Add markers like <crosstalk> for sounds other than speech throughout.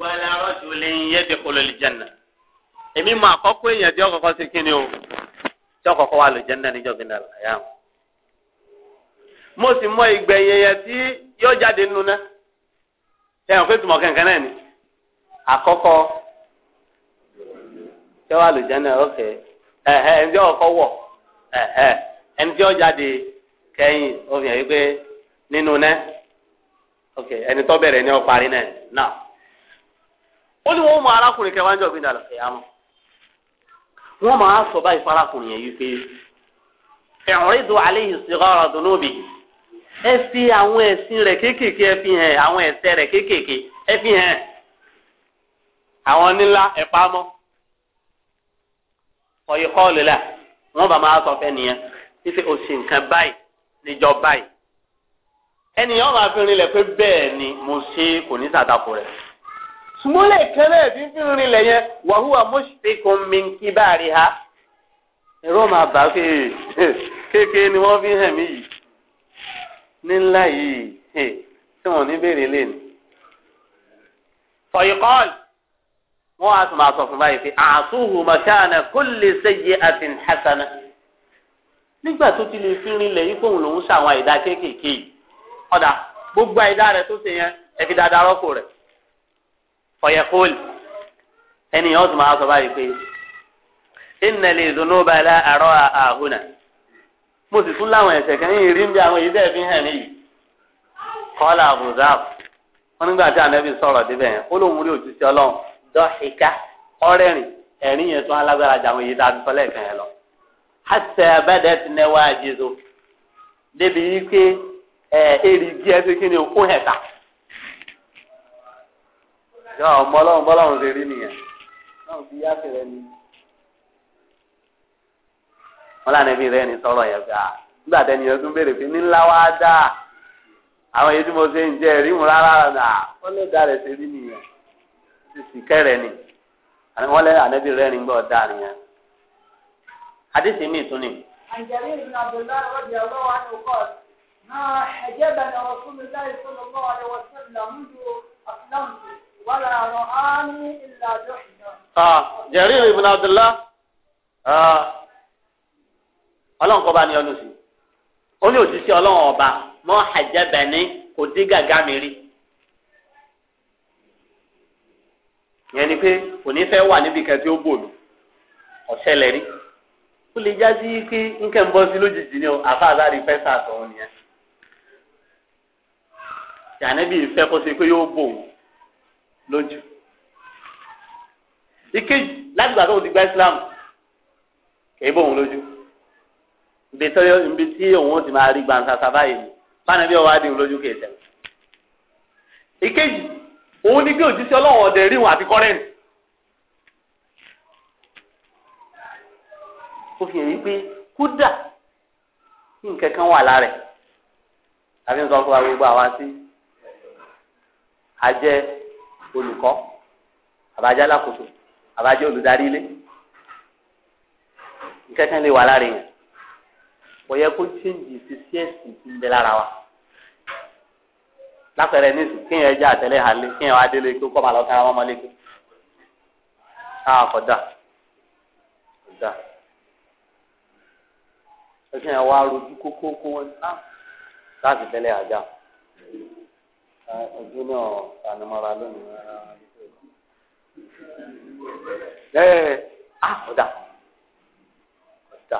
wàlà rọ́jò lẹ́yìn yẹ́dẹ̀ kọlọ̀ jẹ́nà èmi mọ àkọ́kọ́ èèyàn tí ọkọ̀kọ́ ti kí o tí ọkọ̀kọ́ wà lè jẹ́nà níjọ́ gbẹ̀dà mụ mo sì mọ ìgbẹ̀yìn yẹn tí yóò jáde nínú náà ẹ̀yàn tùmọ̀ náà ni àkọ́kọ́ tí wà ok tí ọkọ̀ wọ̀ tí jáde kẹ́yìn ó fi hàn yí pé nínú náà ok ẹni tó bẹ̀rẹ̀ ni parí náà ó ní wọn mọ arákùnrin kẹwàá ń jọ gbé dàlọ ẹyà mọ wọn máa sọ báyìí farakùnrin yẹn yìí pé ẹ̀rìn ìdò àléyìn sìgọ́rọ̀ dùnúbì ẹ fi àwọn ẹ̀sìn rẹ̀ kéékèèké ẹ fi hàn àwọn ẹ̀ṣẹ̀ rẹ̀ kéékèèké ẹ fi hàn àwọn nílá ẹ pamọ́ ọ̀yẹ̀kọ́ lélà wọn bá máa sọ fẹ́ nìyẹn títí o nǹkan báyìí níjọ báyìí ẹnìyàn máa fi rinlẹ̀ pé bẹ́ẹ̀ ni mo ṣe kò ní sàtakò rẹ̀ súnmọ́lẹ̀ kẹlẹ́ tí ń fi rinlẹ̀ yẹn wàhùwà mọ́ṣíkùn mi kí bá rí ha ẹ̀rọ máa bá kéèké ni wọ́n fi hàn mí yìí ní ńlá yìí tí wọ́n ní béèrè lé ní. fọyìkọ́ọ̀lì wọ́n á tún máa sọ fún báyìí pé àtúhù màkàna kó lè ṣèyí àti hasana nígbà tó ti lè fi rinlẹ̀ yìí fóun lòún ṣàwọn àìdá kéékèèké yìí ọ̀dà gbogbo àìdá rẹ̀ tó ṣe yẹn ẹ fi dáadáa rọ́pò rẹ̀. fọyẹkúl ẹnìyàn ọ̀tún máa sọ báyìí pé ìnàlẹ̀ ìdùnnú bá ilá àárọ̀ àhùnà mo sì tún láwọn ẹ̀sẹ̀ kan yìí rí bí àwọn èyí bẹ́ẹ̀ fi hàn mí kọ́lá abuzaf wọn nígbà tí ànábì sọ̀rọ̀ débẹ̀ yẹn ó lóun rí ọlọ́run ọ̀rẹ́rìn yẹn tún alágbára jà àwọn èyí tá a ti sọ lẹ́ẹ̀kan yẹn lọ. àṣẹ abẹ́dẹ ti débi yọ ah, ọmọ bọ́lọ́run ṣe rí nìyẹn náà fi yá kẹrẹ ni. wọn lànà ẹbí rẹ ní sọ̀rọ̀ yẹn gbà nígbà tẹni yẹn tún béèrè pé nílá wá àwọn èyí tí mo ṣe ń jẹ ìrìhùn rárá nà wọn lè dá rí ni wọn lẹ ànẹbí rẹ nìyẹn. àdìsí mi tún ni. àjẹrí ìrìn àbò náà Ah, Jarir ibn Abdullah ah, ọlọ́run kọ́ bá ní ọdún sí ó ní òjíṣẹ́ ọlọ́run ọba mọ́ àjẹbẹ̀ni kò dé gàgá mi rí yẹn ni pé kò ní fẹ́ wà níbi kan tí ó bòlù ọ̀sẹ̀lẹ̀ rí ó lè já sí pé nǹkan ń bọ́ sí lójijì ni rí fẹ́ sàtọ̀ ìfẹ́ kó ṣe pé yóò lójú ìkejì láti gbà tó ti gba islam kìí bò wọn lójú ibi ibi tí òun ti máa rí gbansasa báyìí ni fáwọn ẹbí ọwọ adìhun lójú kìí tẹ ìkejì òun ni bí òjíṣẹ́ Ọlọ́run ọdẹ ríhun àti kọrẹǹtì ó fi hàn pé kódà nǹkan kan wà lára olùkọ́ àbájá alákòóso àbájá olùdarí ilé nkẹ́kẹ́ lè wà lára yẹn kò yẹ kó chéǹjì sí sí ẹ̀sìn ń bẹ lára wa lápẹẹrẹ nísìnyí kéèyàn jẹ àtẹlẹ hàn lé kéèyàn wá kó kọ́ máa lọ sára mọ́mọ́ lékè káà kọ̀dà kọ̀dà kéèyàn wá rojú kókó kó wọn ah, láti ojú náà fanimọ́ra lónìí. bẹ́ẹ̀ á ah, ọ̀dà ọ̀dà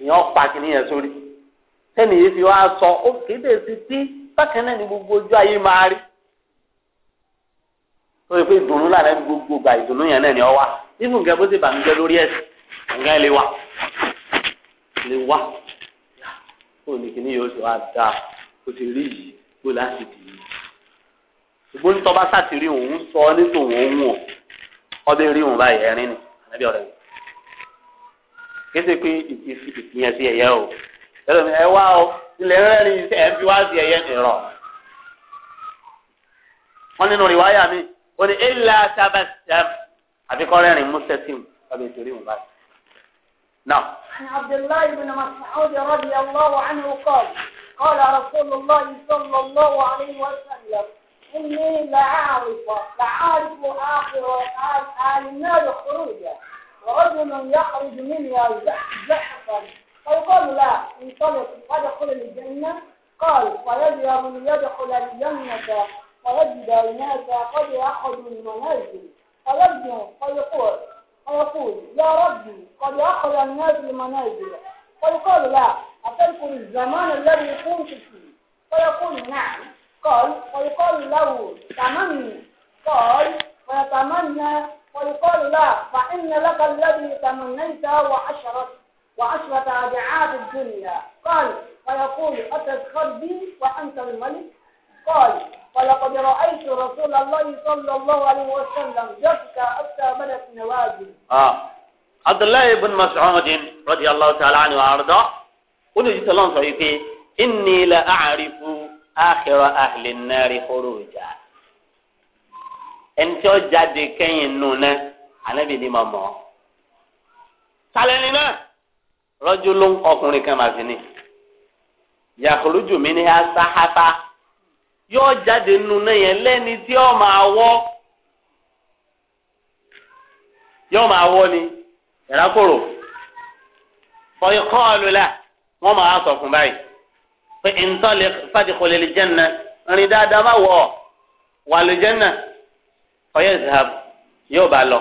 ìyẹn pa kìnìún yẹn sórí sẹ́ni yìí fi wá sọ ó kéde sí tí bákan náà ni gbogbo ojú ayé máa rí ó yẹ pé ìdùnnú lára gbogbo gba ìdùnnú yẹn náà ni ọ wá nínú nǹkan bó ti bàmíjẹ lórí ẹsẹ̀ nǹkan lè wá lè wá ó ní kíní yóò ṣe wá dáa ó ti rí yìí kó láti dì í ṣùgbọ́n ní tọ́ba sátìrí òun sọ ní tòun òun o ọbẹ̀ rí òun báyìí ẹ̀rín ni ànábì ọ̀rẹ́ mi kése pé ìfìyàn sí ẹ̀yẹ o ẹlòmí ẹ wá o ilẹ̀ rẹ̀ ni ẹ̀ ń fi wá sí ẹ̀yẹ nìrọ̀ wọ́n nínú rìwáyà mi ó ní ilà sábàtà àfikọ́ rẹ́rìn mùsẹ̀tìm ọbẹ̀ ìtòrí òun báyìí. قال رسول الله صلى الله عليه وسلم إني لأعرف لأعرف آخر آل النار خروجا رجل يخرج مني زحفا فيقال لا انطلق فادخل الجنة قال فيجب أن يدخل الجنة Abdullahi ibn Mas'udin radiyallahu ta'ala anhu àrùdọ́ ó lè jíṣẹ́ lọ́nà sọ yìí pé inni la a'rifu akhira ahli an-nari khuruja ẹni tí ó jáde kẹ́yìn nù náà ànábì ni mà mọ́ sálẹ́ni náà rọ́jú ló ń ọkùnrin kan màsí ni yàkùrújù mi ní asáhátá yóò jáde nù náà yẹn lẹ́ni tí ó máa wọ́ yóò máa wọ́ ni. yàrá kòrò fọyín kọ́ọ̀lù la máa sọ fún báyìí pé ìntọ́lẹ̀ fàdíkọ̀lẹ̀ lè jẹ́nà rìn dáadáa wọ wọ̀ wà lè jẹ́nà fọyín zahab yóò bá lọ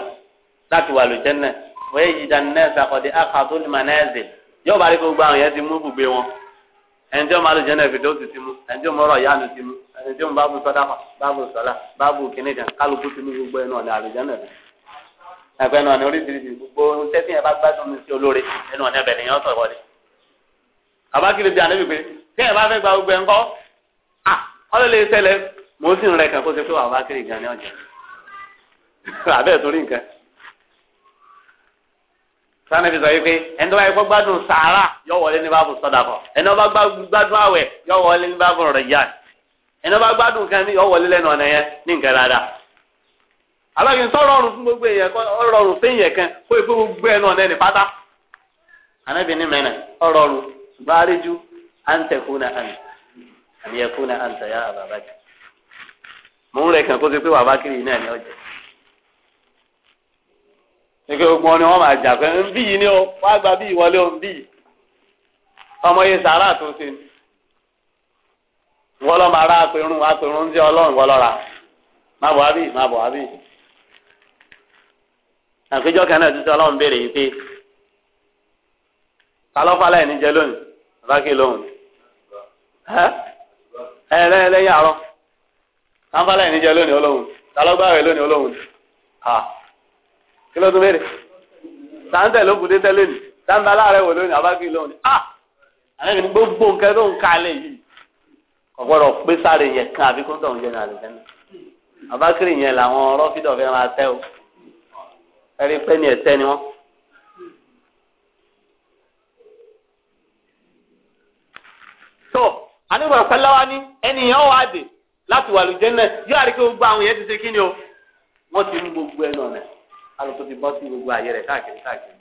láti wà lè jẹ́nà fọyín jìdá nẹ́ẹ̀sì àkọ́dé àkàtún ní manẹ́ẹ̀sì yóò bá rí gbogbo àwọn yẹn ti mú bùgbé wọn wọn máa lè ti mú wọn ti mú wọn bá bù sọ́dá bá bù sọ́lá bá bù ẹgbẹ́ náà ni oríṣiríṣi gbogbo tẹ́tí yẹn bá gbádùn mi sí olóore nínú ọ̀nà ẹ̀bẹ̀ nìyẹn sọ̀rọ̀ wọlé. àbákiri bíi ànábì pé tí yẹn bá fẹ́ gba gbogbo ẹ̀ ńkọ́ à ọlọ́ lè ṣẹlẹ̀ mò ń sì ń rẹ kàn kó ṣe pé wà àbákiri gan ni ọ̀jẹ̀ <laughs> àbẹ́ẹ̀ torí nǹkan. sanabi sọ wípé ẹni tó bá yẹ kó gbádùn sàárà yọ wọlé ní báàbù sọdàkọ ẹni tó bá gbádùn àwẹ̀ yọ wọlé kan yọ wọlé lẹ́nu ọ̀nà yẹn ní nǹkan dáadáa. àbẹ́bí ń ọrụ fún gbogbo èèyàn kan ọrọ̀ fún èèyàn kan gbogbo ẹ̀ náà pátá ànábì ní mẹ́rin ọrọ̀ ọrụ ṣùgbọ́n àríjú àǹtẹ̀kù náà àmì àmì ẹ̀kú náà àǹtẹ̀ yá àbàbà mò ń rẹ̀ kàn kó kiri náà ní ọ̀jẹ̀ ẹgbẹ́ ogun máa jà pé ń bí yìí ni ó wá gba bí ìwọlé ó ń bí yìí ọmọ yìí tó ṣe ni wọ́n lọ́ máa rá ń jẹ́ ọlọ́run má àpéjọ kan náà títí ọlọ́run béèrè yìí pé talọ́fàlà ẹni jẹ lónìí bàbáké lóhùn ẹ ẹ lẹ́yìn àárọ̀ talọ́fàlà ẹni jẹ lónìí olóhùn talọ́gbàwẹ̀ lónìí olóhùn kí ló tún béèrè sáńtẹ̀ ló kù dé tẹ́lẹ̀ nì sáńtẹ̀ aláàrẹ̀ wò lónìí bàbáké lóhùn àlẹ́ ní gbogbo nǹkan tó ń kalẹ̀ yìí ọ̀gbọ́dọ̀ pé sáré yẹn kan àbíkú tó ń jẹ ní àlùjẹ́ yẹn làwọn rọ́fídọ̀ fẹ́ máa o. ẹrí pé ní ẹsẹ ni wọn. tó anígbà pẹ́láwa ní ẹnìyàn wà dé láti wà lùjẹ́ náà yóò àrí gbogbo àwọn yẹn ti ṣe kí ni o wọ́n ti gbogbo ẹ̀ lọ́nà alùpùpù ti bọ́ sí gbogbo àyè rẹ̀ káàkiri káàkiri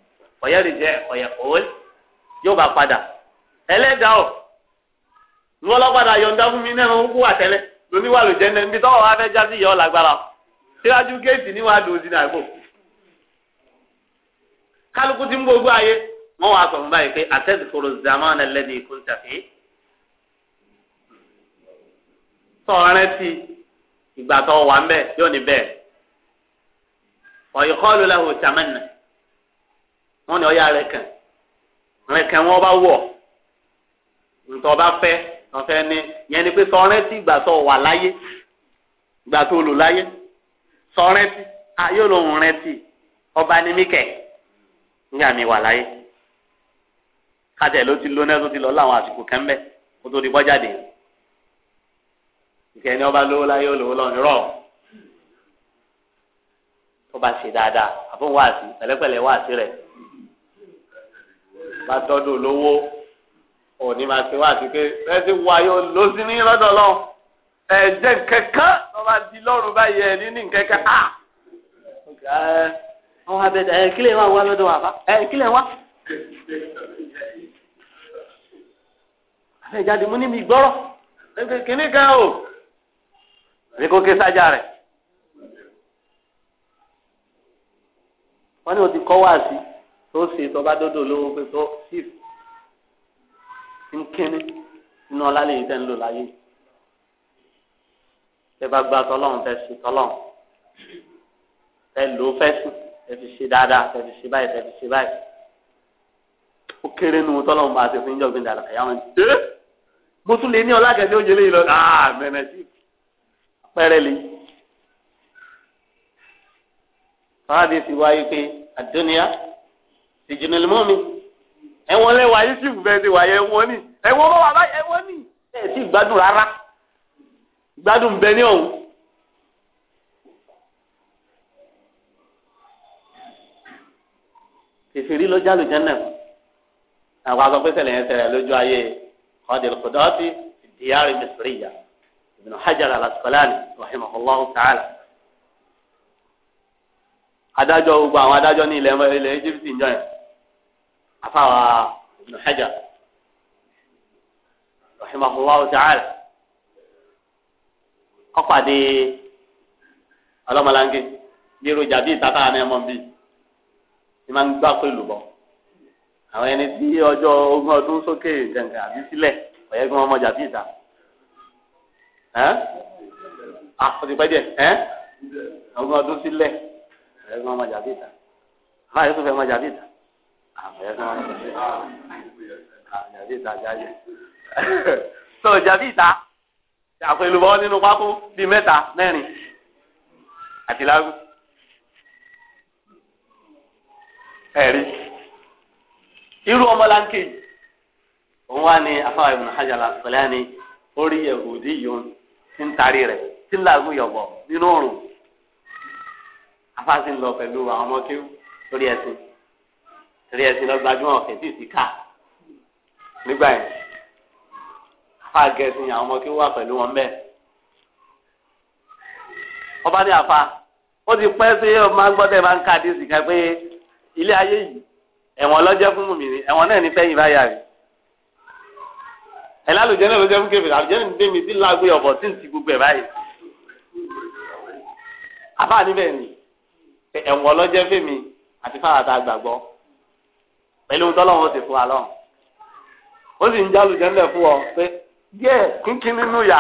ọ̀yẹ́ lè jẹ́ ọ̀yẹ́ òwe yóò bá padà ẹlẹ́dàá ọ̀ wọ́n yọ̀ǹda fún mi náà kú wà tẹ́lẹ̀ lóníwà lùjẹ́ náà níbi tọ́wọ́ wa fẹ́ já sí kálukú ti ń gbogbo ayé wọ́n wàá sọ fún báyìí pé àtẹ́sìfòrò zamana lẹ́nu ikú ń tàfé sọ̀rọ̀ ti ìgbà tó wà ń bẹ̀ yóò ní bẹ́ẹ̀ ọ̀yọ̀kọ́ ló lẹ́hùn tàmánà wọ́n ní ọ̀yà rẹ̀ kàn rẹ̀ kàn wọ́n bá wọ̀ ntọ́ bá fẹ́ wọ́n fẹ́ yẹn ni pé sọ̀rọ̀ ti ìgbà tó wà láyé ìgbà tó lò láyé sọ̀rọ̀ ti ayé rẹ̀ ti ọba ní mí kẹ̀ nígbà mi wà láyé kájẹ ló ti lóná tó ti lọ láwọn àsìkò kan bẹ kó tó di bọ́ jáde ìkẹyìn ní ọba lówó láyé olówó lọ nírọ̀ tó bá ṣe dáadáa àfọwọ́n wáàsí pẹ̀lẹ́pẹ̀lẹ́ wáàsí rẹ̀ bá tọ́jú olówó òní máa ṣe wá àti pé ẹ ti wà yóò lọ sí ní lọ́dọ̀ lọ ẹ̀jẹ̀ kankan lọ́ba di lọ́rùn báyìí ẹ̀ ní ní kankan wọn wá bẹ̀rẹ̀ ẹ̀ kílẹ̀ wá wá lọ́dọ̀ wà bá ẹ̀ kílẹ̀ wá. àfẹ́ ìjáde mú ní mi gbọ́rọ̀ kíní kan o ní kó ké sájà rẹ̀. wọ́n ní o ti kọ́ wá sí tó ṣe tó bá dọ́dọ̀ lówó pé tó ṣìf ń kíní inú ọlá lè tẹ́ lò láyé tẹ́ bá gba tọ́lọ́run fẹ́ ṣe tọ́lọ́run fẹ́ lò fẹ́ sùn tẹ̀fi ṣe dáadáa tẹ̀fi ṣe báyìí tẹ̀fi ṣe báyìí ó kéré nu tọ́lọ́mù máa ṣe fún yín jọ̀gbìn dàlọ́ ẹ̀yà wọn ṣe é mo tún lè ní ọlágẹ̀dẹ̀ ó jẹlé yìí lọ àà ah, mẹ́rẹ̀ sí pẹ́rẹ́ lè. fáadé ti wáyé pé àdóníyá ìjìnlẹ̀ mọ́ mi ẹ̀wọ̀n lẹ́wọ̀ ayé sì bẹ́ẹ̀ ti wáyé ẹ̀wọ̀n ni ẹ̀wọ̀n bá wà báyìí ẹ̀wọ̀n ni ẹ̀ sì gbádùn rárá gbádùn bẹ́ẹ̀ ní ọ̀hún. kẹfìrí ló jálù jẹnẹ àwọn asọpẹsẹlẹ yẹn ṣẹlẹ̀ lójú ayé ọdẹ lọkọdọọsì ìdíyàrí mẹsìrìyà Ibn Hajar al-Asqalani rahimahullahu ta'ala adájọ́ gbogbo àwọn adájọ́ ní ilẹ̀ ilẹ̀ Egypt ń jọyìn afáwa Ibn Hajar rahimahullahu ta'ala ọpàdé ọlọmọlange bí irú jàbí ìtàkà náà mọ tí máa ń gbá pẹ̀lú bọ̀ àwọn ẹni tí ọjọ́ ogún ọdún sókè gàngàn àbí sílẹ̀ ọ̀yẹ́ kí wọ́n mọ̀jà bí ìta àti ah, pẹ́ díẹ̀ ogún ọdún sílẹ̀ ọ̀yẹ́ kí wọ́n mọ̀jà bí ìta àwọn àyẹ̀tò fẹ́ mọ̀jà bí ìta àbẹ̀yẹ́ ah, kí wọ́n mọ̀jà bí ìta jáde ah, tó jàbí ìta àpèlùbọ́ nínú pákó bíi mẹ́ta mẹ́rin àti lágùn. ẹ̀rí irú ọmọláńkè òun wá ní afáwọn ibùdó hajj alasọlẹ́ ni orí yahudi yòó ti ń tarí rẹ̀ tí ń làágùn yọ̀bọ̀ nínú òrùn afáàsì ń lọ pẹ̀lú àwọn ọmọ kéwù lórí ẹ̀sìn lórí ẹ̀sìn lọ́gbàdúrà ọ̀fẹ́ tí ì sí ká nígbà yẹn afáàgẹ̀sìn àwọn ọmọ kéwù wà pẹ̀lú wọn bẹ́ẹ̀ ọba ní afa ó ti pẹ́ sí ọmọ agbọ́dẹ̀ máa ń ká àdéhùn sí ká pé ilé ayé yìí ẹ̀wọ̀n lọ́jẹ́ fún mùmìnir ẹ̀wọ̀n náà ní fẹ́yìn báyà rí ẹ̀ lálùjẹ́ náà lọ́jẹ́ fún kébìrì àlùjẹ́ náà ń dé mi lágbé ọ̀bọ̀ tí ń ti gbogbo ẹ̀ báyìí àbá níbẹ̀ ni ẹ̀wọ̀n lọ́jẹ́ fèmí àti fáwọn àgbàgbọ́ pẹ̀lú tọ́lọ́wọ́n ti fún wa lọ́hùn ó sì ń jálù jẹ́ńdẹ̀ fún ọ pé díẹ̀ kínkín nínú yà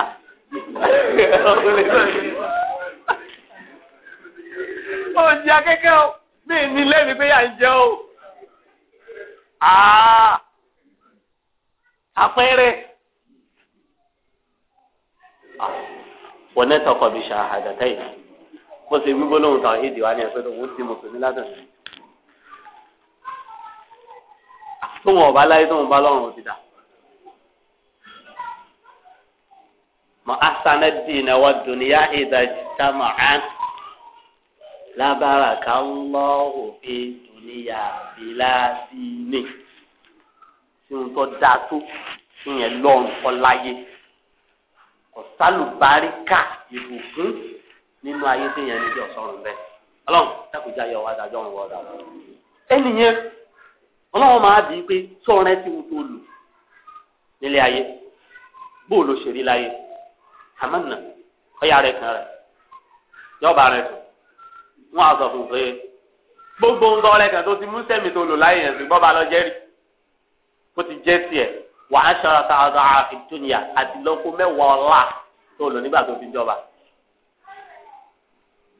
<laughs> ó jẹ́ akẹ́kẹ́ o ní ìní lẹ́mi pé yà ń jẹ́ o. àpẹẹrẹ. wọ́n ní tọkọ bí ṣàhàdàtà yìí bó ṣe wí gbólóhùn tàn ìdí wa ni ẹ̀fẹ́ tó wọ́n ti mùsùlùmí látọ̀sí. tóun ọba láyé tóun bá lọ́rùn ti dà. mọ asanadi na wa dunuya ìdájí tá mọ lábàràkà ńlọ òfin dùnìyà bíláàsì ní tí wọn tó dáa tó ìyẹn lọ́rùn kọ́láyé ọ̀sálùbáríkà ìbùkún nínú ayé tí ìyẹn níbi ọ̀sọ́rùn bẹ́ẹ̀ ọlọ́run dákòjá yọ wá dájọ́ ń wọ́ọ́dà wọn. ẹnìyẹn ọlọ́run máa bí i pé sọ́ọ̀rẹ́ tí wọ́n tó lò nílé ayé bóòlù ṣèlérí láyé àmọ́ ọ̀yà rẹ̀ kan rẹ̀ yọ̀ọ̀bà rẹ̀ sùn wọ́n á sọ fún pé gbogbo ń tọ́lẹ̀ kan tó ti mú sẹ́mi tó lò láyé yẹn ṣùgbọ́n bá lọ jẹ́rì kó ti jẹ́ tiẹ̀ wà á ṣọ́ra ta ọ̀dọ̀ àfi túnìyà àti lọ́kọ́ mẹ́wàá ọ̀la tó lò nígbà tó fi jọba.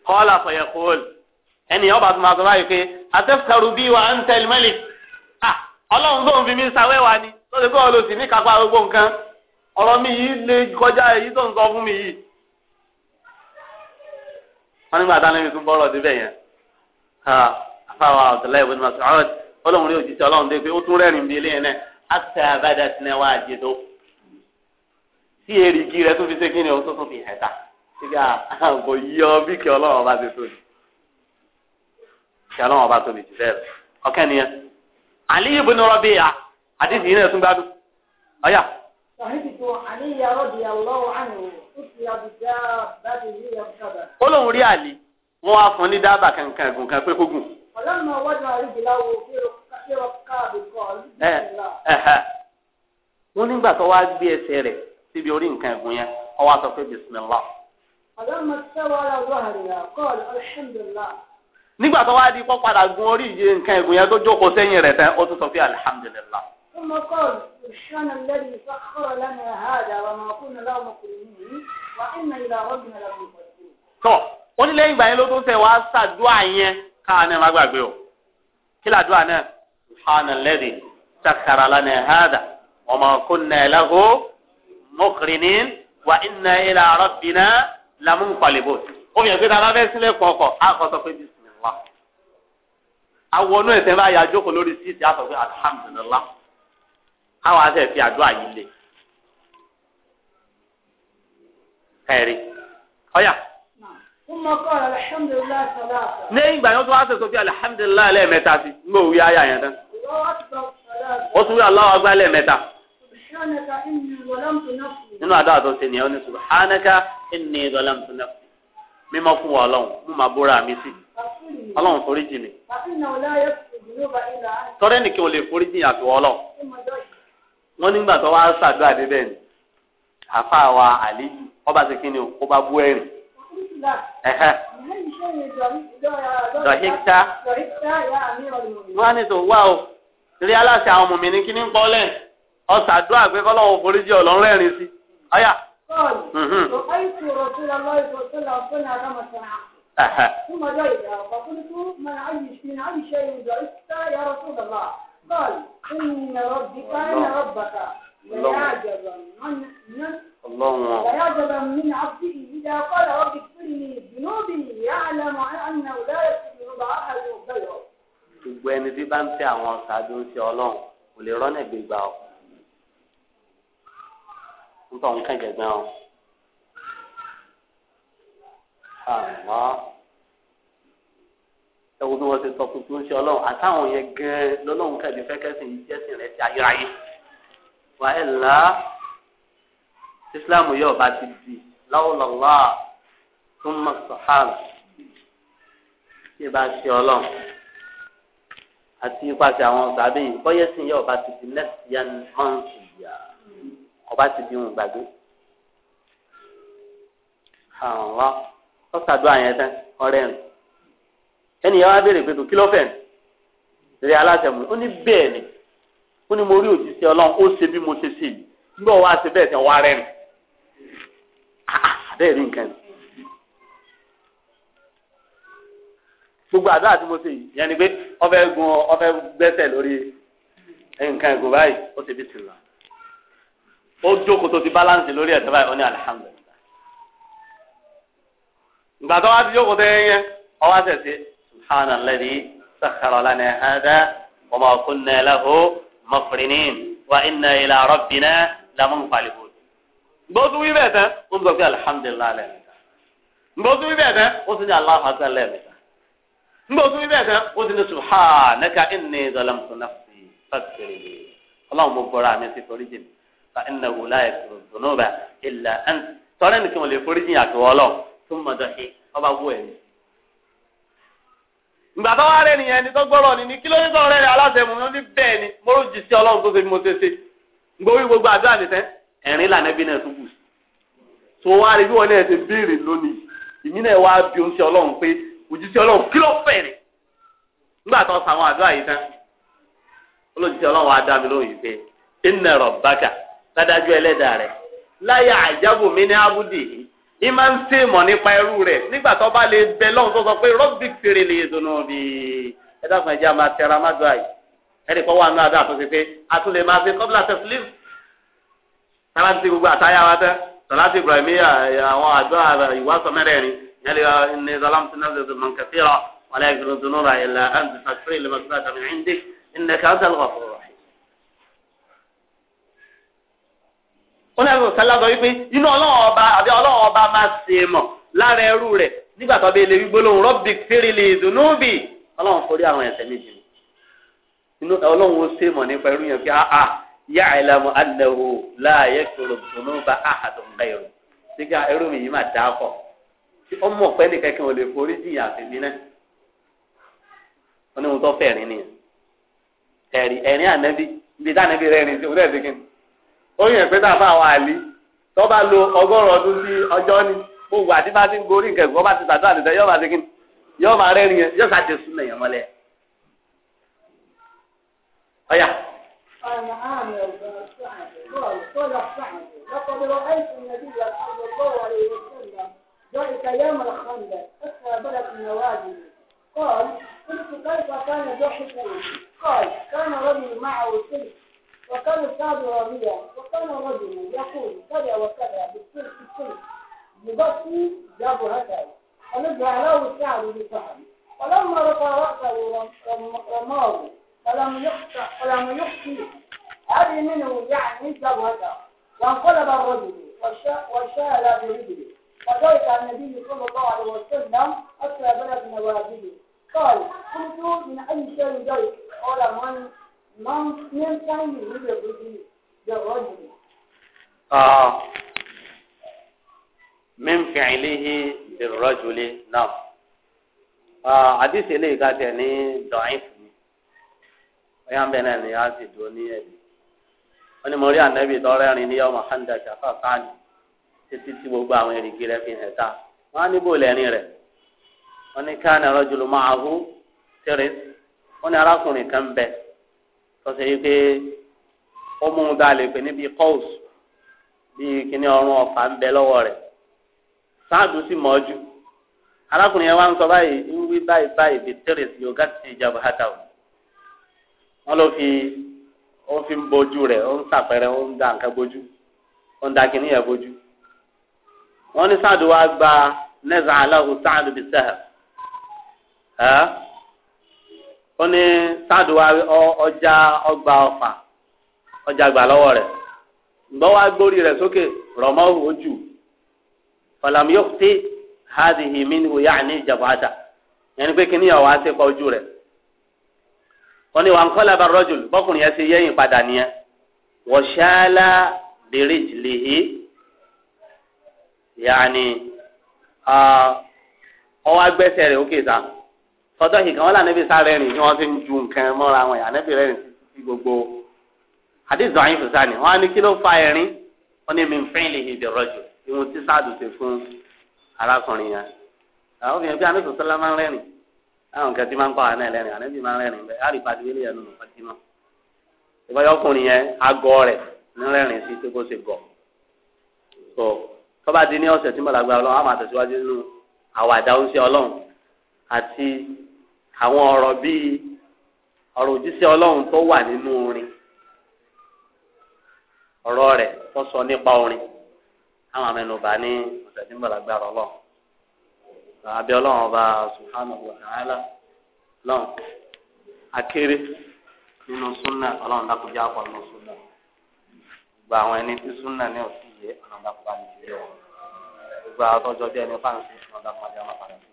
kọ́lá fọyẹ̀ kóòlù ẹnì ọba tó máa sọ báyìí pé àtẹ́fùkàrù bíi wà á ń tẹ́lẹ̀ mẹ́lì ọlọ́run tó ń fi mí sawẹ́wà ni lọ́sẹ̀ kọ́ ọ lọ sí ní kápá gbogbo nǹkan ọ̀rọ̀ mi yìí le kọjá èyí tó ń sọ fún mi yìí wọn nígbà tá níbi tún bọ́rọ̀ síbẹ̀ yẹn afáwa ọ̀tọ̀lá ìwé nígbà sọ̀rọ̀ ọlọ́run rí òjijì ọlọ́run dé pé ó tún rẹ́rìn bí ilé yẹn náà àti àbájá sinẹ́ wá àjẹ tó tí èrìgì rẹ tún fi ṣe kí ta ọba ti tóbi kí ọba ó lóun rí àlè wọ́n wá fún ní dábàá kankan ẹ̀gùn kan pé kó gùn. ọlọ́run ọwọ́dún àríjìlá wo kí ọ káàbì kọ́ ọ. wọ́n nígbà tó wá gbé ẹsẹ̀ rẹ̀ síbi orí nǹkan ẹ̀gùn yẹn ó wá sọ pé bisimilá. ọlọ́run sẹ́wọ́n ara zọ́hàrìyà kọ́ọ̀lù alhamdulilá. nígbà tó wá di pọ́ padà gun orí nǹkan ẹ̀gùn yẹn tó jókòó sẹ́yìn rẹ̀ tán ó tún sọ pé alhamdulilá. ثم قال الشان الذي سخر لنا هذا وما كنا له مقرنين وإنا إلى ربنا لمنقلبون tọ́ ó ní lẹ́yìn ìgbà yẹn ló tó ń tẹ̀ wá sàdúà yẹn káà náà má gbàgbé o kí làdúà náà subhana alladhi sakhkhara lana hadha wa ma kunna lahu muqrinin wa inna ila rabbina ó fi hàn pé tàbá fẹ́ sílẹ̀ kọ̀ọ̀kọ̀ á kọ́ sọ pé bismillah àwọn ọ̀nà ẹ̀sẹ̀ bá yà jókòó lórí síìtì á sọ àwọn asẹ̀ fi àdúrà yìí lé ẹ̀rí ọ̀yà. lẹ́yìn ìgbà yẹn tó wá sọ̀tọ̀ bí alihamudulilayi lẹ́ẹ̀mẹ́ta sí ní òwúyẹ ayé àyàn tán ó tún wí aláwọ̀ agbá lẹ́ẹ̀mẹ́ta. nínú àdúrà tó ṣe nìyẹn ó ní subhanaka inni zalamtu nafsi mímọ́ fún wa ọlọ́run mú màá bóra mi sí ọlọ́run foríjì mi. tọ́rẹ́ nìkan ò lè foríjì àti wọ́n nígbà tó wá ṣàdúrà débẹ̀ ni àfa wa àlejò ọba ṣe kí ni o kó bá bú ẹ̀rìn. dọ̀híkà wọ́n á ní tó wá o rí aláṣẹ àwọn ọmọ mi ní kíní ń pọ́ ọ ọ̀ṣàdúrà pé kọ́lọ́wọ́ foríjì ọ̀lọ́run rẹ̀rin sí ọ̀yà. رأيت قال إن ربك إن ربك ليعجبا اللهم ليعجبا من عبده إذا قال رب اغفر لي ذنوبي يعلم أنه لا يغفر أحد غيره gbogbo ẹni tí bá ń tẹ àwọn ṣáájú ń ṣe ọlọ́run kò lè rọ́nà gbégbá ọ ń tọ́ ń kẹ́gẹ̀gbẹ́ ọ. àmọ́ ẹwọ bí wọn ti sọ tuntun ṣe Ọlọ́run àtàwọn yẹn gẹẹ lọ́lọ́run kẹbi fẹkẹsìn jẹsìn rẹ ti ayérayé wà ẹ là islam yóò bá ti di láwùlọlá tó mọ sàhàn tí bá ṣe Ọlọ́run àti ipasẹ̀ àwọn sàbẹ yìí bọyẹsìn yóò bá ti di lẹsìyàn mọǹtì yá ọba ti di ohun gbàgbé àwọn ọsàdúrà yẹn tán ọ̀rẹ́ rẹ ẹnìyàn wá béèrè pé kò kí ló fẹ́ rẹ aláṣẹ mu ó ní bẹ́ẹ̀ ni ó ní mo rí òṣìṣẹ́ ọlọ́run ó ṣe bí mo ṣe ṣe yìí nígbà wọ́n wá ṣe bẹ́ẹ̀ tẹ̀ wá rẹ́rìn ah, ah, bẹ́ẹ̀ rí nǹkan gbogbo àdúrà tí mo ṣe yìí yẹn ni pé ọfẹ́ gun ọfẹ́ gbẹ́sẹ̀ lórí nǹkan ìgò báyìí ó ṣe bí tìlá ó jókòó tó ti balance lórí ẹ̀sẹ̀ báyìí ó ní alihamdulilayi ìgbà tó wá ti jókòó tó yẹn yẹn ọwọ́ àṣẹ̀ṣe. سبحان الذي سخر لنا هذا وما كنا له مقرنين وإنا إلى ربنا لمنقلبون gbọ́dún wí bẹ́ẹ̀ tán ó ń sọ pé alihamudulilayi lẹ́ẹ̀mẹ́ta gbọ́dún wí bẹ́ẹ̀ tán ó sì ní aláhùn àti lẹ́ẹ̀mẹ́ta gbọ́dún wí bẹ́ẹ̀ tán ó sì ní subhanaka inni zalamtu nafsi fàkìrì ọlọ́run mo bọ́ra mi sí foríjì mi fa inna wula ẹ̀sùn dunuba illa ant tọ́lẹ́nì kí wọ́n lè foríjì àti wọ́ọ́lọ́ tó mọ̀ dọ́kí ọba wú ẹ̀mí ìgbà tó wá rẹ̀ nìyẹn ni tó gbọ́rọ̀ ni ní kí ló ní sọ̀rọ̀ rẹ̀ aláṣẹ mu ní bẹ́ẹ̀ ni mo rò jì sí ọlọ́run tó ṣe bí mo ṣe ṣe gbowó gbogbo àdúrà nìfẹ́ ẹ̀rín lànà bí náà tún kù sí. tó wá rí bí wọn náà ṣe béèrè lónìí ìmí náà wá bí oúnjẹ ọlọ́run pé òjíṣẹ́ ọlọ́run kí ló fẹ́ rẹ̀ nígbà tó àdúrà yìí tán olójíṣẹ́ ọlọ́run wá dá mi lóhùn pé inna rabbaka ládájọ́ ẹlẹ́dàá rẹ̀ láyà àjábò mi ní ábùdì yìí ní máa ń tè mọ̀ nípa ẹrú rẹ̀ nígbà tó bá lè bẹ lọ́hùn tó sọ pé rọ́bì fèrè lè dùnú bí ẹ dákun ẹ̀jẹ̀ àmà tẹ̀ra má dùn àyè ẹnì kan wà nínú àdá àtúnṣe pé àtúnlẹ̀ máa fi kọ́bílà tẹ̀ fúlẹ̀ sára ti gbogbo àtàyà wa tẹ́ sọláàtì ibrahim àwọn àdó ìwàsọ mẹ́rẹ̀ẹ̀rin yẹn lè ní sọláàtì náà lè mọ̀ nkẹ́fẹ́ wàlẹ́ ìgbìmọ̀ dùnú rà ilẹ̀ ẹ̀ ó náà sọ sẹ́lá sọ wípé inú ọlọ́run ọba àbí ọlọ́run ọba máa ṣe mọ̀ lára ẹrú rẹ̀ nígbà tó bẹ́ẹ̀ lè wí gbólóhùn rọ́bì fèrèlè ìdùnnúbì ọlọ́run forí àwọn ẹ̀ṣẹ̀ méjì mi inú ọlọ́run ó ṣe mọ̀ nípa ẹrú yẹn pé àà yá àìlàmù àdàwò láàyè kúrò dùnnúbà àhàdùn gẹ̀rù nígbà ẹrú mi yìí máa dà á kọ̀ ọmọ ọ̀pẹ́ nìkan kí wọ́n lè forí jìyà àfẹ́mi náà náà onye nkweta pé tàbá àwọn àlè tó bá lo ọgọ́rùn ọdún sí ọjọ́ ni gbogbo àti bá ti ń gorí nǹkan bá ti tàdúrà nìkan yóò máa segin yóò máa rẹ́rìn yẹn yóò sáà sún nìyẹn mọ́lẹ̀. ọ̀yà. وكان الشعب راضيا وكان رجل يقول كذا وكذا بالسر في السر يبكي جاب هكذا فنزع له الشعر بفهم فلما رفع رأسه رماه فلم يخطئ فلم يخطئ هذه منه يعني جاب هكذا وانقلب الرجل وشال برجله فذلك النبي صلى الله عليه وسلم اسرى بلد نواجذه قال قلت من اي شيء ذلك قال من 能能参与这个东西，要好几点。آه فعله للرجل نعم حديث يعني ضعيف بين الناس الدنيا gbogbo àwọn èrìgì rẹ̀ fi hẹ̀ ta wọ́n á níbo lẹ́rìn rẹ̀ wọ́n ní káàní tọ́sí yìí pé ó mú un dá lè pè níbi kọ́ọ̀s bíi kíní ọrùn ọ̀fà ń bẹ lọ́wọ́ rẹ̀ sáàdù sì mọ̀ ọ́ jù arákùnrin yẹn wá ń sọ báyìí ń wí báyìí báyìí bíi tẹ́rẹ̀s yorùbá ti ìjàmbá hàtà o wọ́n ló fi ó fi ń bojú rẹ̀ ó ń sàpẹrẹ ó ń da nǹkan bojú ó ń da kíní yẹn bojú wọ́n ní sáàdù wá gba nẹ́sà aláhùn sáàdù bíi sẹ́hẹ̀ wọ́n ní sáàdù wa ọjà ọgbà ọfà ọjà gbà lọ́wọ́ rẹ̀ ǹgbọ́n wa gbórí rẹ̀ sókè rọ̀mọ́ ojú ọ̀làmú yóò ti hádìhì mí ni òyà ní ìjàmbá àdà yẹn ni pé kí níyàwó á ti pa ojú rẹ̀ wọ́n ní wàá kọ́lá bá rọ́jò bọ́kùnrin yẹn ti yẹ́yìn padà nìyẹn wọ́n ṣáálá bèrè jìlìhì yàní ọwọ́ agbẹ́sẹ̀ rẹ̀ ó kéta ọjọ́ kìkan wọn lànà ibi sáré rìn ni wọ́n ti ń ju nǹkan mọ́ra wọn yà nẹ́bí rẹ̀ rìn sí gbogbo àdéhùn àyìn fòsà ni wọ́n á ní kí ló fa ẹ̀rín wọ́n ní mi fẹ́ lè hìdè rọ́jò ìwọ̀n tí sáàdù ṣe fún arákùnrin yẹn àwọn obìnrin bí anáṣọ sọlá máa ń rẹ́rìn àwọn nǹkan tí máa ń pa àná ẹlẹ́rìn ànábì máa ń rẹ́rìn bẹ́ẹ̀ á rí padì wílé ẹnu nǹkan tí náà ìbáyọ̀ ọkùnrin yẹn agọ́ rẹ̀ ń rẹ́rìn sí pé kó ṣe gọ̀ tó tọ́ba di ní ọ̀sẹ̀ tí mo làgbà ọlọ́run á máa tẹ̀síwájú nínú àwàdà oúnjẹ ọlọ́run àti àwọn ọ̀rọ̀ bíi ọ̀rọ̀ òjíṣẹ́ ọlọ́run tó wà nínú orin ọ̀rọ̀ rẹ̀ tó sọ nípa orin àwọn amẹnubà ní ọ̀sẹ̀dínbọ̀lágbà ọlọ́run abẹ́ ọlọ́run ọba subhanahu akéré nínú súnà ọlọ́run dákúnjá pọ̀ nínú súnà gba àwọn ẹni tí súnà ní dákúnjá ní ìdílé wọn gba àtọ́jọ́ bí ẹni ọlọ́run dákúnjá padà sí.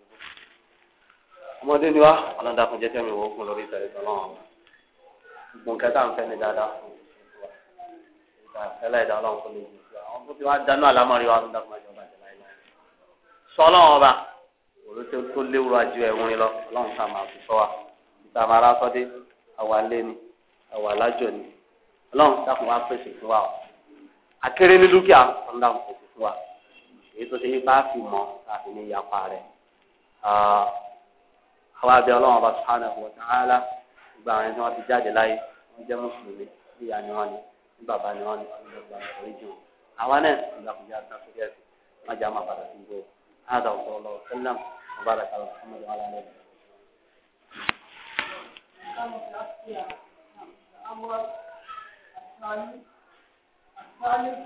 ọmọdé ni wá ọlọ́dàkùn jẹ́ tẹ́mi wọ́n kún lórí ìtẹ̀lẹ́ tán náà gbọ̀n kẹta ń fẹ́ ni dáadáa fún ìtàkẹ́lẹ́ ìdá ọlọ́run kò lè jù sí àwọn tó ti wá dáná àlámọ́rí wa ọlọ́dàkùn àjọ bàjẹ́ láyé láyé sọlọ́run ọba òru tó léwu àjọ ẹ̀wọ̀n ni lọ ọlọ́run tá a máa fi sọ wa tá máa rá sọ́dé àwa lé ni àwa lájọ ni ọlọ́run dákun wá pèsè fún wa akéré ní dúkìá ọlọ́run pèsè fún wa èyí tó ṣe yí bá fi mọ́ àfi ní ìyapa rẹ̀ ah, wá bí ọlọ́run ọba subhanahu wa ta'ala gbogbo àwọn ẹni wọn ti jáde láyé wọn jẹ́ mùsùlùmí bí ìyá ni wọn ni bí bàbá ni wọn ni ọlọ́gbà oríjì wọn àwa náà ìlàkùnjá sá sórí ẹ̀sìn wọn jẹ́ àwọn padà sí gbogbo هذا وصلى الله وسلم وبارك على محمد وعلى آله الأول الثاني الثالث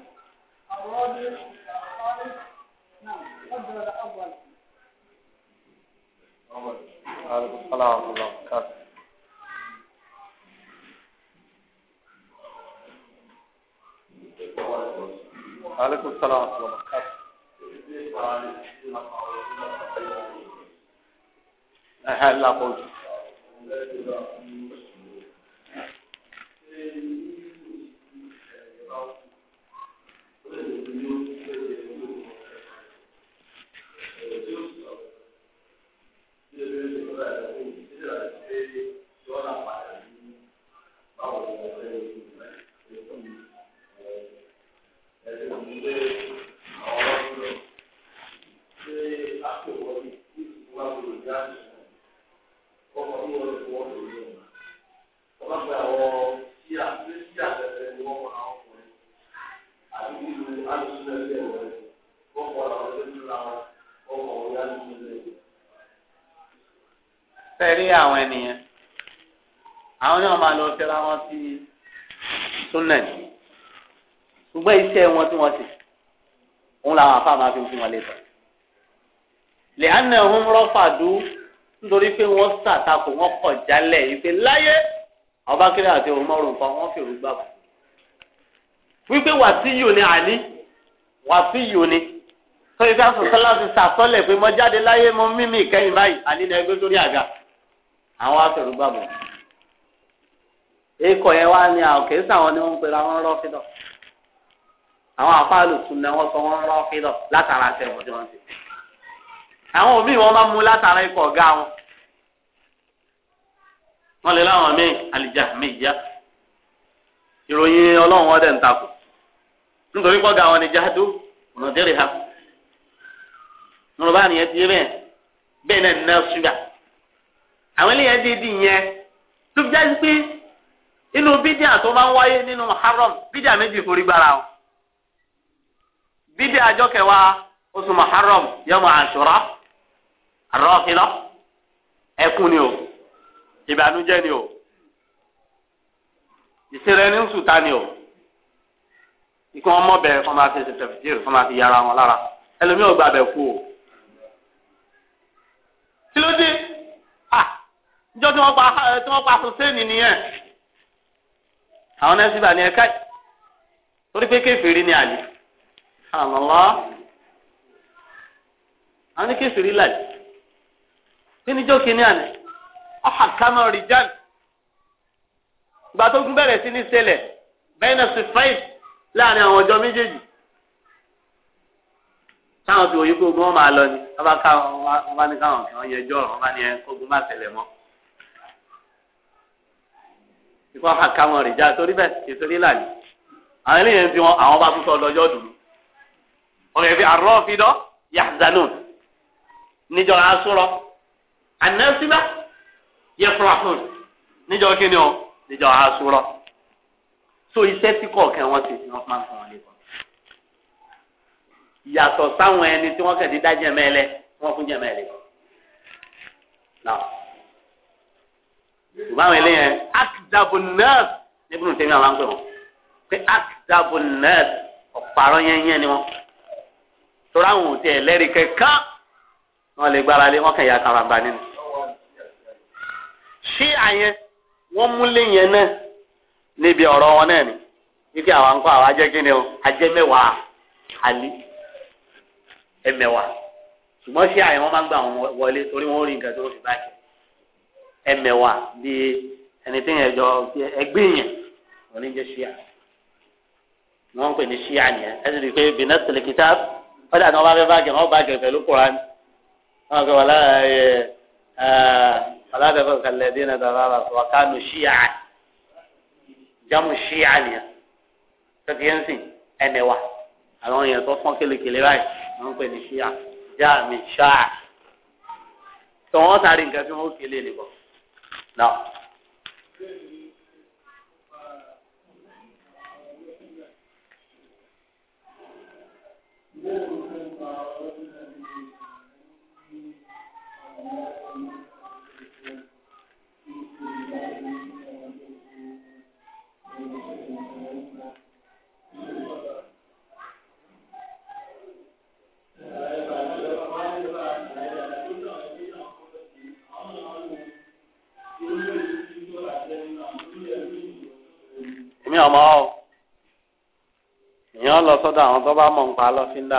الرابع الخامس نعم قدر الأول وعليكم السلام ورحمة الله وبركاته وعليكم السلام ورحمة الله وبركاته أهلا قوتي sẹ́rí àwọn ènìyàn àwọn náà máa lọ fẹ́ra wọn sí súnẹ̀ ṣùgbọ́n iṣẹ́ wọn tí wọ́n ti òun làwọn afá máa fi fún wọn lẹ́tọ̀ lẹ́hánà ń rọ́fàdú nítorí pé wọ́n ṣàtakò wọ́n kọ̀ jálẹ̀ ìpè láyé ọba kiri àti òmọ́rùn kan wọ́n fèrú gbàgbọ́ wípé wàsíyù ni àní wàsíyù ni sọ ìfẹ́ àfọ̀sọ́lá ti sàtọ́lẹ̀ pé mo jáde láyé mo mímì kẹ́yìn báyìí àní ní ẹgbẹ́ sórí àga. àwọn afẹ́rù gbàgbọ́ yẹn wá ní àwọn kèésì àwọn ni wọ́n ń pera wọn rọ́fídọ̀ àwọn àfáàlù sùn náà wọ́n sọ wọ́n rọ́fídọ̀ látara àtẹ̀wọ̀ tí wọ́n ti àwọn òbí wọn máa mú látara wọn lè láwọn míì ìròyìn ń takò nítorí ni ha ti yé náà ní àwọn eléyẹn dídì yẹn tó fi jáde pé inú bídíà tó bá ń wáyé nínú Muharram bídíà méjì forí gbára o bídíà àjọ kẹwàá oṣù Muharram yọmọ àṣùrà àrọ́ọ̀kìlọ́ ẹkún ni o ìbànújẹ́ ni o ìṣẹ̀lẹ̀ ní sùtá ni o ikú wọn mọ bẹ́ẹ̀ kọ máa fi ṣe tẹfìtìrì kọ máa fi yára wọn lára ẹlòmíì ò gba bẹ kú o kí ló dé à ah! níjọ́ tí wọ́n pa eh, tí wọ́n pa sọ́sẹ́ẹ̀nì nìyẹn àwọn náà sì bà ní ẹ̀ka torí pé kéfìrí ni àlè àlọ́lá àwọn ní kéfìrí làlè kí níjọ́ kìíní àná ọ̀hà kámọ́ rìjálì gbàtógun bẹ̀rẹ̀ sí ní ṣẹlẹ̀ bẹ́ẹ̀ náà sì fẹ́ẹ̀ láàrin àwọn ọjọ́ méjèèjì táwọn fi òye kó ogun wọn máa lọ ni wọn bá ká wọn bá ní káwọn kan yẹjọ wọn bá ní ẹ kógun má ṣẹlẹ̀ mọ́ ìfọ̀ àkàwọn rìjà torí bẹ́ẹ̀ ìsorí làlì àwọn eléyìí ti wọn àwọn bá tún sọ lọ́jọ́ dùn ọ̀rọ̀ ìfi àrọ́ fi dọ́ yàtàlù níjọ asúrọ̀ ànásíbà yẹfúrafún níjọ kíni o níjọ asúrọ̀ so iṣẹ́ tí kọ̀ọ̀kan wọn ti fi wọn máa ń fún wọn lẹ́kọ̀ọ́ yàtọ̀ sáwọn ẹni tí wọ́n kẹ̀ dídá jẹ̀mẹ́lẹ̀ wọ́n fún jẹ̀mẹ́lẹ̀ náà ṣùgbọ́n àwọn eléyẹn akidabu nurse níbi nù tẹ́mi àwọn àgbẹ̀ wọn pé akidabu nurse ọ̀parọ̀ yẹnyẹn ni wọn torí àwọn òtí ẹlẹ́rìí kankan wọn lè gbára lé wọn kàn yà kàràǹbà nínú. ṣí àyẹn wọ́n múlé yẹn náà níbi ọ̀rọ̀ wọn náà ni wípé àwa ń kọ́ àwa ni o ajẹ́ mẹ́wàá àlí ẹ̀mẹ́wàá ṣùgbọ́n ṣí àyẹn wọ́n máa ń gbà wọn wọlé torí wọ́n rí nǹkan tó fi bá kẹ́ ẹmẹ̀wà bíi ẹni tí yẹn jọ ẹgbẹ́ yẹn wọ́n ní jẹ́ ṣíà wọ́n ń pè ní ṣíà yẹn ẹsẹ̀ rí i pé bìnnà tẹ̀lé kìtà wọ́n dà ní wọ́n bá fẹ́ báàgì wọ́n báàgì pẹ̀lú koran wọ́n kọ́ wọ́n lára ẹ̀ ọ̀làdẹ́fọ̀ kàlẹ́ dín náà dára wà kánú ṣíà jámù ṣíà yẹn tẹ́tí yẹn sìn ẹmẹ̀wà àwọn yẹn tó fọ́n kélékèlé báyìí wọ́n pè ní ṣíà jáàmì ṣáà tọ́wọ́n sáré nǹkan tí wọ́n kéle nìkan. Now, lọ́dọ̀ àwọn tó bá mọ̀ ń pa lọ́fíńdà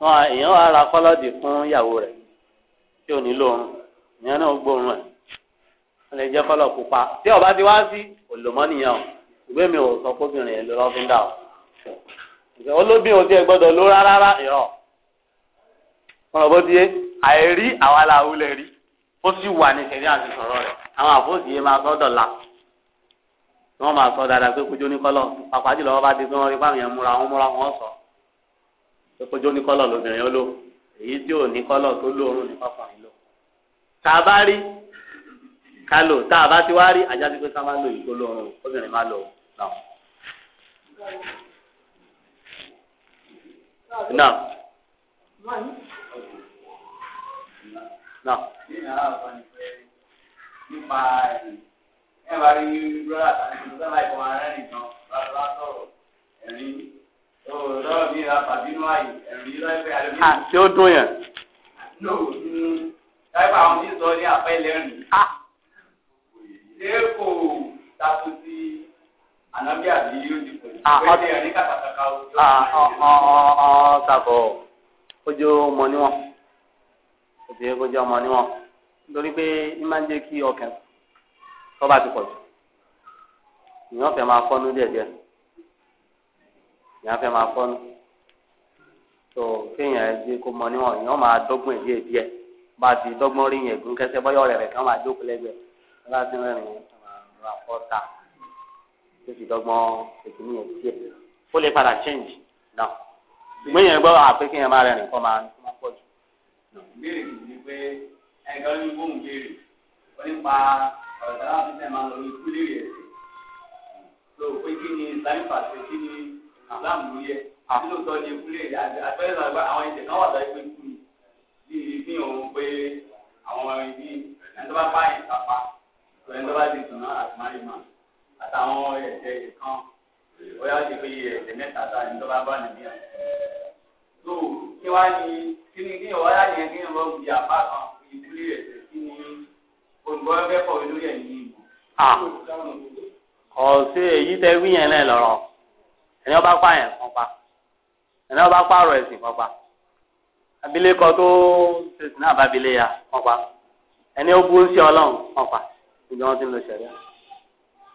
wọn èèyàn wà ra kọ́lọ́dì fún ìyàwó rẹ̀ tí ò nílò òun ìyẹn náà gbóòórùn ẹ̀ wọ́n lè jẹ́ kọ́lọ̀ pupa tí ọba ti wá sí òlòmọ́ nìyẹn o ìgbé mi ò sọ kóbìnrin yẹn lọ lọ́fíńdà o olóbìn òtí ẹ gbọ́dọ̀ ló rárá rárá ìrọ̀ ọ̀rọ̀ bó ti yé àìrí àwa làwùlẹ̀ rí ó sì wà ní sẹ̀rí àti sọ̀rọ̀ rẹ̀ àwọn àfọ́sì yẹn máa gbọ́dọ̀ la tí wọn máa sọ dáadáa pé kojú oníkọlọ pàpà jùlọ wọn bá ti pé wọn rí báwọn yẹn múra wọn múra wọn sọ pé kojú oníkọlọ lóbìnrin ó lò èyí tí ò ní kọlọ tó lóorùn ní kọkùnrin lò tá a bá rí ká lò tá a bá ti wá rí ajá pípé ká má lò yìí tó lóorùn obìnrin má lò náà. náà náà. nípa ẹ máa rí brọ́dà tàbí brọ́dà láì fọwọ́ ara rìn jọ lọ́dọ̀ sọ̀rọ̀ ẹ̀rí lọ́wọ́ mi ra fàbínú àyè ẹ̀rí lọ́ẹ̀fẹ́ àdébí. àti ó dún yẹn. lóò nínú dáìbà àwọn tí ń sọ ní àpá ilẹ̀ rìn. ṣé kò tako sí ànábì àbí yóò ti pè é pé ẹ̀rí kàkàkàkà ó. ọ̀ọ́ sàkó ojú ọmọ níwọ̀n òbí ẹgbẹ́jọ́ ọmọ níwọ̀n nítorí pé ní máa ń jẹ́ kí ọkàn tọ́ba ti pọ̀ jù ìyàn fẹ́ máa fọ́nú díẹ̀díẹ̀ ìyàn fẹ́ máa fọ́nú tó kéèyàn ẹgbẹ kó mọ níwọ̀n ìyàn máa dọ́gbọ́n díẹ̀ díẹ̀ bá a ti dọ́gbọ́n rí yẹn gún kẹsẹ́ bọ́yọ̀ rẹ̀ rẹ̀ kí wọ́n máa jókòó lẹ́gbẹ̀ẹ́ bá a ti rẹ̀ rìn ra fọ́ta tó ti dọ́gbọ́n ìkíní yẹn díẹ̀ ó lè padà change náà ṣùgbọ́n yẹn gbọ́ àpé kéèyàn máa rẹ̀ kọ́ máa pọ̀ jù. ìbéèrè kì í pé ẹ̀gbọ́n ní bóun béèrè nípa ọ̀dà àfihàn máa lọ ikú léèrè ẹ̀sìn tó pé kí ni islamic pàṣẹ kí ni islam ló yẹ kí sọ ní ikú léèrè àgbẹ̀rẹ̀ náà gba àwọn ìṣẹ̀ kan wà láì pé kú ni bí ibi òun pé àwọn ibi ẹni bá yẹn kápá ẹni tó sùn náà àti máyì máa àtàwọn ẹ̀ṣẹ̀ kan bóyá ó ti pé ẹ̀ṣẹ̀ mẹ́ta tá ẹni bá bá nìyí tó kí wá ní kí ni kí ni wọ́n olùkọ́ abẹ́ ah. èyí tẹ wí yẹn náà lọ́rọ̀ ẹni ọba pa yẹn kan pa ẹni ọba pààrọ̀ ẹ̀sìn kan pa abilékọ tó ṣèṣin náà bá abilé ya kan pa ẹni ó bú sí ọlọ́run kan pa ìjọ wọn ti ń lo ṣẹ̀ríà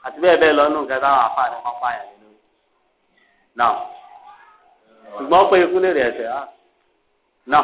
àti bẹ́ẹ̀ bẹ́ẹ̀ lọ́nù nǹkan táwọn àfààní kan pa yẹn lórí náà ṣùgbọ́n pé ikú lè rẹ̀ ẹ̀sẹ̀ ah. náà.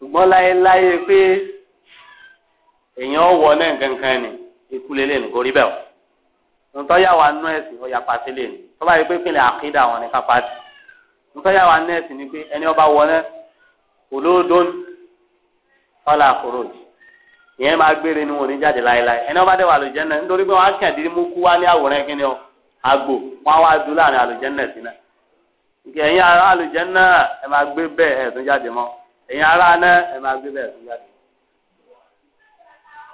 ṣùgbọ́n láyéláyé pé èèyàn wọ náà kankan ni ikú lélẹ̀ ní gorí bẹ́ẹ̀ o ntọ́ yà wá nú ẹ̀sìn ọ̀yà pàṣẹ lè ní tọ́ba yìí pé pínlẹ̀ àkídà wọn ní kápá tì ntọ́ yà wá nú ẹ̀sìn ni pé ẹni ọba wọ náà olódón ọ̀là àkóró ìyẹn máa gbére ni wọn ò ní jáde láyéláyé ẹni ọba dẹ̀ wà lójẹ́ náà nítorí pé wọ́n á kàn dín mú kú wá ní àwòrán kíni o agbo wọn á wá dúró láàrin àlùjẹ́ náà sí náà ìkẹyìn àlùjẹ́ náà ẹ máa gbé bẹ́ẹ̀ ẹ̀ tún jáde mọ́ èyàn ara ná ẹ máa gbé bẹ́ẹ̀ fún jáde.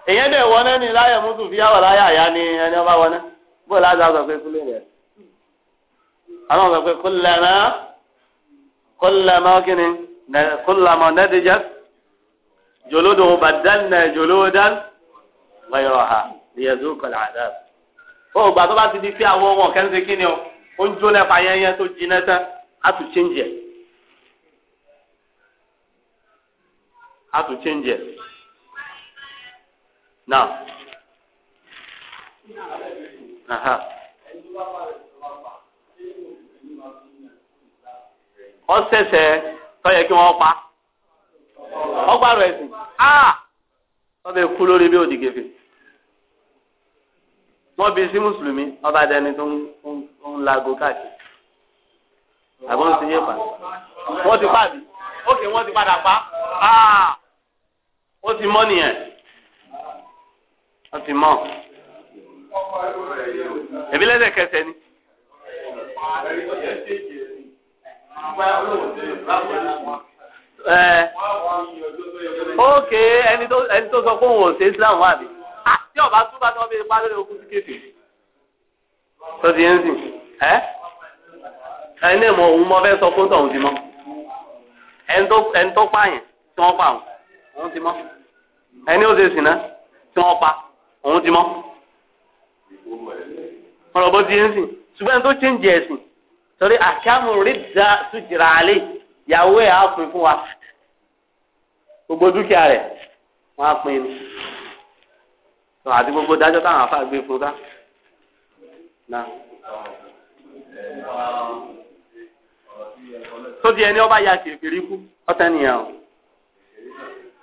èyàn dẹ̀ wọná ní láyọ̀ mọ́tò fi yàwọ̀ láyà àyà ni ẹni ọba wọná bó o láti sọ pé kúlẹ̀ rẹ̀ àwọn sọ pé kúlẹ̀ mọ́ kúlẹ̀ mọ́ kíni kúlẹ̀ mọ́ nẹ́díjẹ́ jòlódò bàdánù jòlódà wáyọ̀rọ̀ ha ìyẹ̀dù kọ̀lẹ̀ àdá. ó gbà tó bá ti di pé àwọn ọmọ kẹ́ńtì kíni o ó ń jó lẹ́pàá yẹn yẹn tó jiná tán á tún ṣe ń jẹ. a tún change ẹ̀ now. ọ̀sẹ̀sẹ̀ uh-huh. tọ́yẹ kí wọ́n pa ọgbàrọ̀ ẹ̀sìn wọ́n bẹ kú lórí bí òdìgèfè wọ́n bí sí mùsùlùmí ọba dẹni tó ń lago káàkiri àbọ̀ ń ti yé pa wọ́n ti pa bí ókè wọ́n ti padà pa. Ah! ó ti mọ́ nìyẹn ó ti mọ́ èmi lẹ́sẹ̀kẹsẹ̀ ni. Ok, ẹni tó ẹni tó sọ pé òun ò ṣe Islam wà bí tí ọba túbà tó bí ipá lórí okùn síkèsì tó ti ń sìn ẹ ẹni mọ òun mọ fẹ́ sọ fún tọ̀hún ti mọ ẹni tó pààyàn tí wọ́n pààrọ̀ òun ti mọ ẹni ó ṣe sìnà tí wọn pa òun ti mọ ọ̀rọ̀ ti ń sìn ṣùgbọ́n tó ṣe ẹ̀sìn torí àkàmù rídà tùjìrà àlè ìyàwó ẹ̀ á fún wa gbogbo dúkìá rẹ̀ wọ́n á pín ní àti gbogbo dájọ́ táwọn afá gbé fún ká. tó di ẹni ọba ya kìrìkìrì kú ọ̀tẹ̀ nìyẹn o.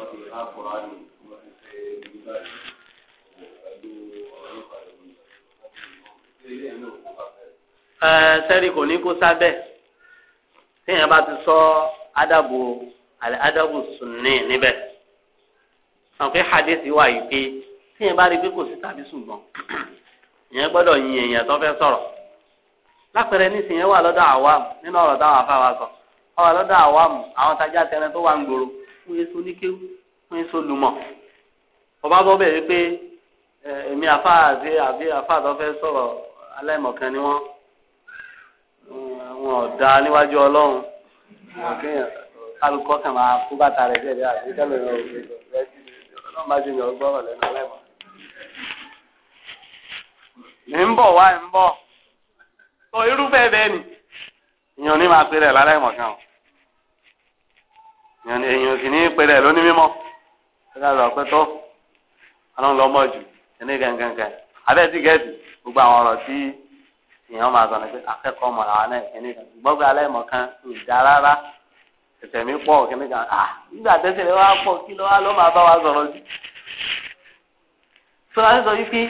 mafi kò ní kó sábẹ́ téèyàn bá ti sọ ádàbò ádàbò sùnní níbẹ̀ àwọn pé wà yìí pé téèyàn bá rí pé kò sí tàbí ṣùgbọ́n <clears throat> ìyẹn gbọ́dọ̀ yin èèyàn tó fẹ́ sọ̀rọ̀ lápẹẹrẹ nísìnyẹn wà lọ́dọ̀ nínú ọ̀rọ̀ táwọn afáwa sọ fún yẹn sọ níkéwú fún yẹn sọ lùmọ̀ ọba bọ́ bẹ̀ wípé èmi àfa àti àbí àfa àtọ́fẹ́ sọ̀rọ̀ aláìmọ̀kan ni wọ́n wọn ò da níwájú ọlọ́run alùpùpọ̀ kan máa kó bàtà rẹ̀ jẹ́ àbí kẹ́lẹ́ ọlọ́run bá jẹ́ ọgbọ́n ọ̀rọ̀ lẹ́nu aláìmọ̀. ní ń bọ̀ wá ń bọ̀ irúfẹ́ bẹ́ẹ̀ ni ìyọ̀n máa pè rẹ̀ láláìmọ̀kan o. èèyàn kì ní pẹ̀lẹ́ lónìí mímọ́ ẹ̀ka lọ pẹ́ tó ọlọ́run lọ mọ̀ jù ẹni gangan abẹ́ ti gẹ̀ẹ́sì gbogbo àwọn ọ̀rọ̀ tí èèyàn máa sọ ni akẹ́kọ̀ọ́ mọ̀ làwọn náà ẹni kan gbọ́gbẹ́ aláìmọ̀ kan ah nígbà rẹ wá pọ̀ kí ló wá ló máa bá wa sọ̀rọ̀ jù. sọ sọ wípé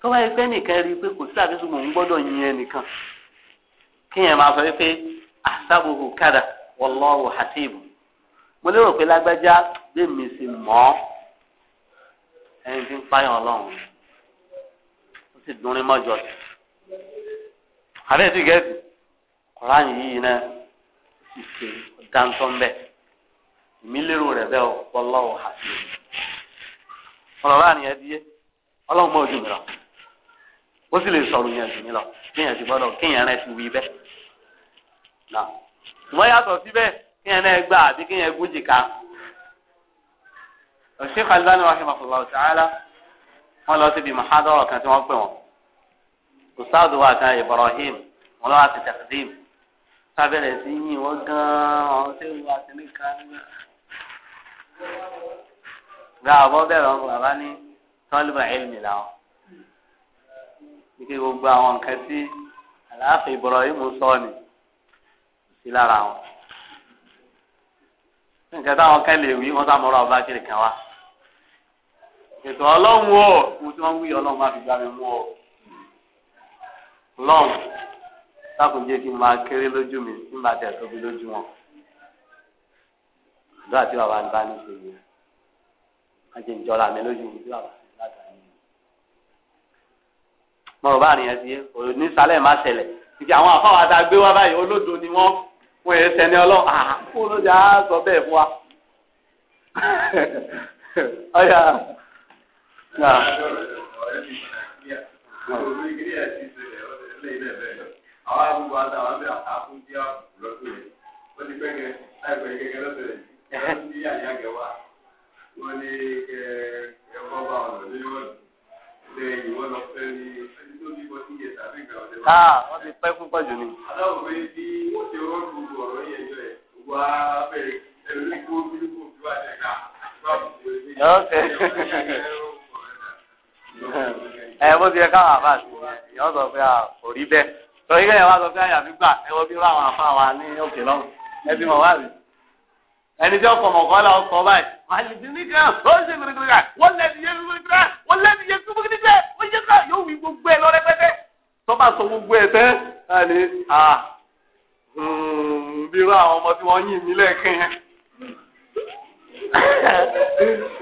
tó bá pé nìkan rí i pé kò sí mò ń gbọ́dọ̀ yin sọ wípé mo lérò pé lágbájá lè mi sí mọ́ ẹni tí ń pààyàn ọlọ́run ó sì dúnrín mọ́jọ sí àbẹ́ ti gẹ̀ẹ́sì kọ́láyìn yìí náà sì ṣe dáńtọ́ ń bẹ̀ èmi lérò rẹ̀ bẹ́ẹ̀ ọlọ́wọ́ àti ọ̀rọ̀ láàrin ẹ̀ díẹ̀ ọlọ́run mọ́ ojú mi lọ ó sì lè sọ̀rọ̀ yẹn jù mí lọ kéèyàn ti gbọ́dọ̀ kéèyàn rẹ̀ ti wí bẹ́ẹ̀ náà yàtọ̀ síbẹ̀ kí yẹn náà gbà àbí kí yẹn gún jìká. Sheikh Albani rahimahullah ta'ala wọ́n lọ síbi mahadara kan tí wọ́n pè wọ́n. Ustaadu wa kan Ibrahim wọ́n lọ́wọ́ àti Takdim. Sábẹ̀rẹ̀ sí yìn wọ́n gan-an ọ̀hún tí wọ́n àti ní kan. Gba àbọ̀ bẹ̀rẹ̀ wọn bàbá ní tọ́lùbà Ike gbogbo àwọn nǹkan tí àlàáfíà Ibrahim sọ ni sí lára wọn nǹkan táwọn kan lè wí wọn sá ọba kiri kan wá ètò ọlọ́run o mo ti wọ́n wí ọlọ́run má fi gbá mi mú o lọ́n sákùn jẹ́ kí n máa kéré lójú mi kí n máa tẹ̀ tóbi lójú wọn àdúrà tí bàbá ń bá ní ṣe yìí wọ́n jẹ́ ìjọra mi lójú mi tí bàbá ń bá ní ṣe mo rò bá àníyàn sí onísàlẹ̀ má ṣẹlẹ̀ ìdí àwọn àfáwà tá a báyìí olódo ni wọ́n wọn yẹ sẹni ọlọ́run ah, kó ló dé á sọ bẹ́ẹ̀ fún wa. ọyà wọ́n ní kẹ́ ẹ̀kọ́ ọ̀nà lórí wọ́n lẹ́yìn ah, wọ́n ti pẹ́ púpọ̀ jù ni. aláwọ̀ pé bí ó ti rọ́ọ̀dù ọ̀rọ̀ yẹn jọ ẹ̀ wá bẹ̀rẹ̀ ẹ̀rọ ní kó bí kò fi wá jẹ ká ẹ bó ti yẹ káwọn àbá sí i yọ sọ pé kò rí bẹ́ẹ̀ torí kẹyìn wá sọ pé àyàfi gbà ẹ wọ bí wọn àwọn àfa wa ní òkè lọ́hùn ẹ bí wọn wá rí ẹni tí ọkọ̀ mọ̀kànlá ọkọ̀ báyìí àlìdínníkà wọ́n ṣe gbẹ̀rẹ̀gbẹ̀rẹ̀ wọ́n lẹ́ni yẹ gbẹ̀rẹ̀gbẹ̀rẹ̀ wọ́n lẹ́ni yẹ gbẹ̀rẹ̀gbẹ̀rẹ̀ wọ́n yẹ ká yóò wí gbogbo ẹ̀ lọ́rẹ́pẹ́tẹ́ tọ́ba sọ gbogbo ẹ̀ tẹ́ ẹni à hmm, bírú àwọn ọmọ tí wọ́n yìn mí lẹ́ẹ̀kan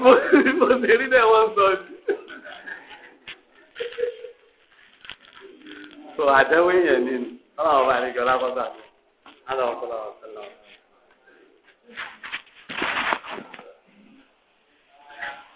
mo ṣe rí bẹ́ẹ̀ wọ́n sọ ni. sọ àdẹ́wé yẹn ni ọlọ́run bá ní jọlá kọ́ta mi.